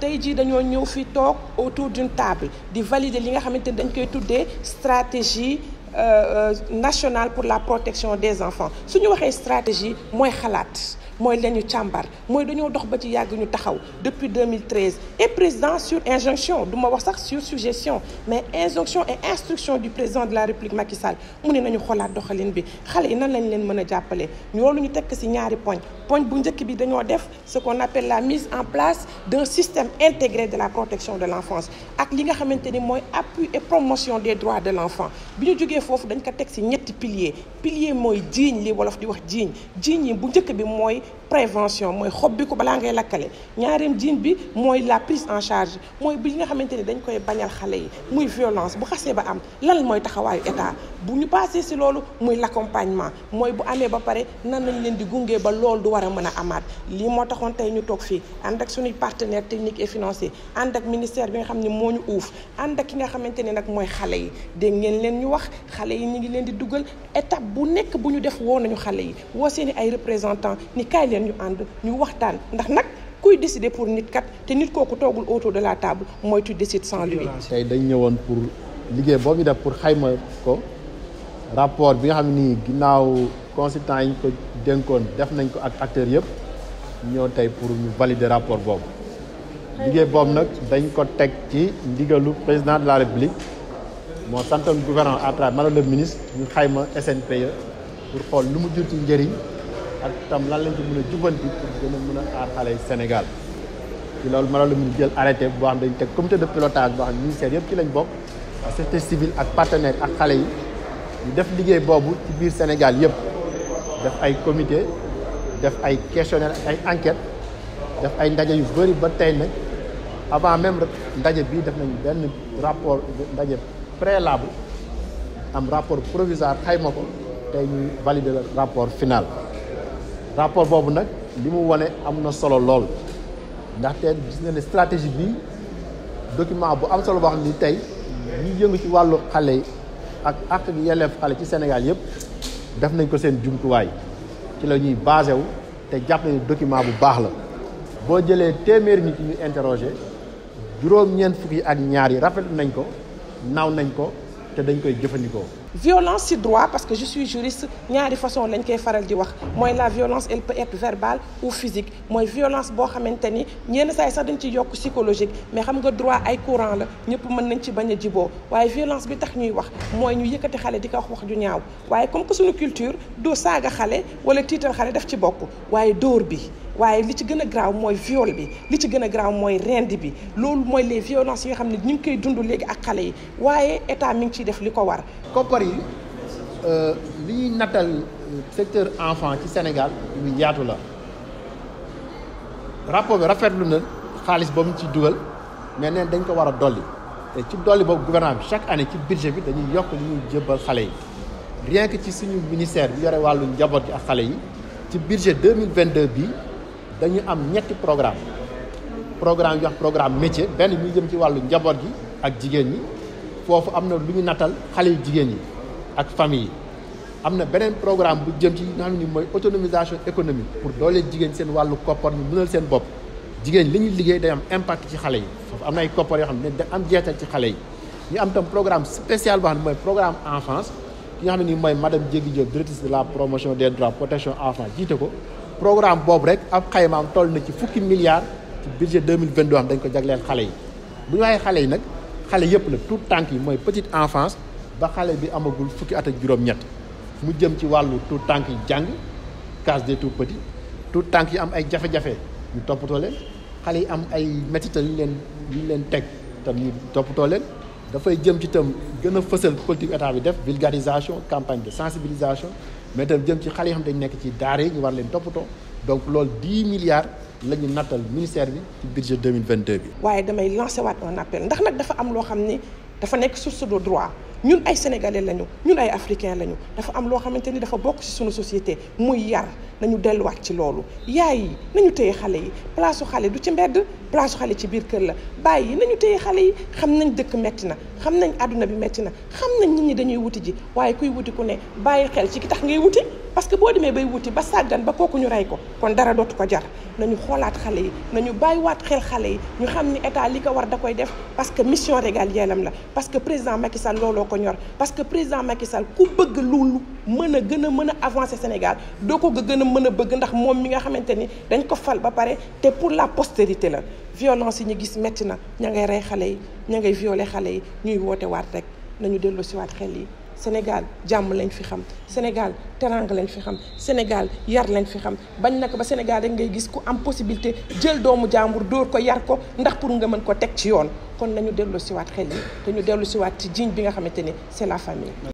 tey jii dañoo ñëw fi toog autour d'une yi di valider li nga xamante ni dañ koy tuddee stratégie Euh, euh, nationale pour la protection des enfants su ñu waxee stratégie mooy xalaat mooy lañu càmbar mooy dañoo dox ba ci yàgg ñu taxaw depuis 2013 et président sur injonction du ma wax sax sur suggestion mais injonction et instruction du président de la république Macky Sall mu ne nañu xoolaat doxalin bi xale yi nan lañ leen mën a jàppale ñoo loolu ñu tekk ci ñaari poñ poñ bu njëkk bi dañoo def ce qu'on appelle la mise en place d'un système intégré de la protection de l'enfance ak li nga xamante ni mooy appui et promotion des droits de l'enfant bi jógee foofu dañ ko teg ci ñetti pilier pilier mooy jiiñ li wolof di wax jiiñ jiiñ yi bu njëkk bi mooy prévention mooy xob bi ko balaa ngay lakkale ñaareem jiin bi mooy la prise en charge mooy bi nga xamante ne dañ koy bañal xale yi muy violence bu xasee ba am lan mooy taxawaayu état bu ñu passé ci loolu muy l'accompagnement mooy bu amee ba pare nan lañ leen di gungee ba loolu du war a mën a amaat lii moo taxoon tey ñu toog fii ànd ak suñuy partenaire technique et financier ànd ak ministère bi nga xam ne moo ñu uuf ànd ak ki nga xamante ne nag mooy xale yi dégg ngeen leen ñu wax xale yi ñu ngi leen di dugal étape bu nekk bu ñu def woo nañu xale yi woo seen i ay représentant ni kaay leen ànd ñu waxtaan ndax nag kuy décider pour nit kat te nit kooku toogul autour de la table mooy tu décides sans lui. tey dañ ñëwoon pour liggéey boo ñu def pour xayma ko rapport bi nga xam ni ginnaaw consultant yi ñu ko dénkoon def nañ ko ak acteurs yëpp ñoo tey pour ñu valider rapport boobu. liggéey boobu nag dañ ko teg ci ndigalu président de la république moo santoon gouvernement à travers madame le ministre ñu xayma SNPE pour xool lu mu jur ci njëriñ. tam lan lañ ci mën a jubanti pour gën a mën a aar xale yi Sénégal ci loolu ma la mun jël arrêté boo xam dañ teg comité de pilotage boo xam ministère yëpp ci lañ bokk ak société civile ak xale yi ñu def liggéey boobu ci biir Sénégal yëpp def ay comité def ay questionnaire ak ay enquête def ay ndaje yu bëri ba tey nag avant même ndaje bii def nañu benn rapport ndaje préalable am rapport provisoire xayma ko tey ñuy valider rapport final rapport boobu nag li mu wane am na solo lool ndaxte gis na ne stratégie bi document bu am solo boo xam ni tey ñi yëngu ci wàllu xale yi ak ak yelleef xale ci Sénégal yëpp def nañ ko seen jumtuwaay ci la ñuy basé wu te jàpp nañu document bu baax la boo jëlee téeméeri nit ñu interroger juróom-ñeent fukk yi ak ñaar yi rafetlu nañ ko naaw nañ ko te dañ koy jëfandikoo. violence ci droit parce que je suis juriste ñaari façon lañ koy faral di wax mooy la violence elle peut être ou physique mooy violence boo xamante ni ñenn saa sax dañ ci yokk psychologique mais xam nga droit ay courant la ñëpp mën nañ ci bañ a jiboo waaye violence bi tax ñuy wax mooy ñu yëkkati xale di ko wax wax ju ñaaw waaye comme que suñu culture doo saaga xale wala tiital xale def ci bokk waaye dóor bi waaye li ci gën a graaw mooy viol bi li ci gën a graaw mooy rendi bi loolu mooy les violences yoo xam ne ñu ngi koy dund léegi ak xale yi waaye état mi ngi ciy def li ko war. koppar yi euh, li ñuy nattal secteur enfant ci Sénégal lu yaatu la rapport bi rafetlu na xaalis ba mu ci dugal mais neen dañ ko war a dolli te ci dolli boobu gouvernement bi chaque année ci budget bi dañuy yokk li ñuy jébbal xale yi rien que ci suñu ministère bi yore wàllu njaboot gi ak xale yi ci budget 2022 bi dañu am ñetti programme programme yu wax programme métier benn ñu jëm ci wàllu njaboot gi ak jigéen ñi foofu am na lu ñu nattal xale yu jigéen ñi ak famille yi am na beneen programme bu jëm ci nga xam ni mooy autonomisation économique pour dooleel jigéen seen wàllu koppar ñu mënal seen bopp jigéen li ñu liggéey day am impact ci xale yi foofu am na ay koppar yoo xam ne da am jeetal ci xale yi ñu am tam programme spécial boo xam ne mooy programme enfance ki nga xam mooy madame Diégui Diop la promotion des droits protection enfance jiite ko programme boobu rek ab xaymaam toll na ci fukki milliards ci budget mille vingt deux dañ ko jagleel xale yi bu ñu waxee xale yi nag xale yëpp la tout tànk yi mooy petite enfance ba xale bi amagul fukki at ak juróom-ñett mu jëm ci wàllu tout tànk yi jàng case des tout petits tout tànk yi am ay jafe-jafe ñu toppatoo leen xale yi am ay métital yu leen yu leen teg tam ñu toppatoo leen dafay jëm ci itam gën a fësal politique état bi def vulgarisation campagne de sensibilisation mais itam jëm ci xale yi xam dañ nekk ci daara yi ñu war leen toppatoo donc lool 10 milliards la ñu nattal ministère bi ci budget 2022 bi. waaye damay lancer waat un ndax nag dafa am loo xam ni dafa nekk source de droit. ñun ay sénégalais lañu ñun ay africains lañu dafa am loo xamante ni dafa bokk ci suñu société muy yar nañu delluwaat ci loolu yaay yi nañu téye xale yi place xale du ci mbedd place xale ci biir kër la bàyyi nañu téye xale yi xam nañ dëkk metti na xam nañ àdduna bi metti na xam nañ nit ñi dañuy wuti ji waaye kuy wuti ku ne bàyyi xel ci ki tax ngay wuti parce que boo demee bay wuti ba sàggan ba kooku ñu rey ko kon dara dootu ko jar nañu xoolaat xale yi nañu bàyyiwaat xel xale yi ñu xam ni état li ko war da koy def parce que mission régalienne am la que président Macky Sall looloo ko ñor parce que président Macky Sall ku bëgg loolu mën a gën a mën a avancer Sénégal doo ko gën a mën a bëgg ndax moom mi nga xamante ni dañ ko fal ba pare te pour la postérité la violence yi ñu gis métti na ña ngay rey xale yi ña ngay violer xale yi ñuy woote waat rek nañu dellu si waat xel yi Sénégal jàmm lañ fi xam Sénégal teranga lañ fi xam Sénégal yar lañ fi xam bañ na ko ba Sénégal rek ngay gis ku am possibilité jël doomu jàmbur dóor ko yar ko ndax pour nga mën ko teg ci yoon kon nañu dellu siwaat xel yi te ñu dellu siwaat ci jiiñ bi nga xamante ni c'est la famille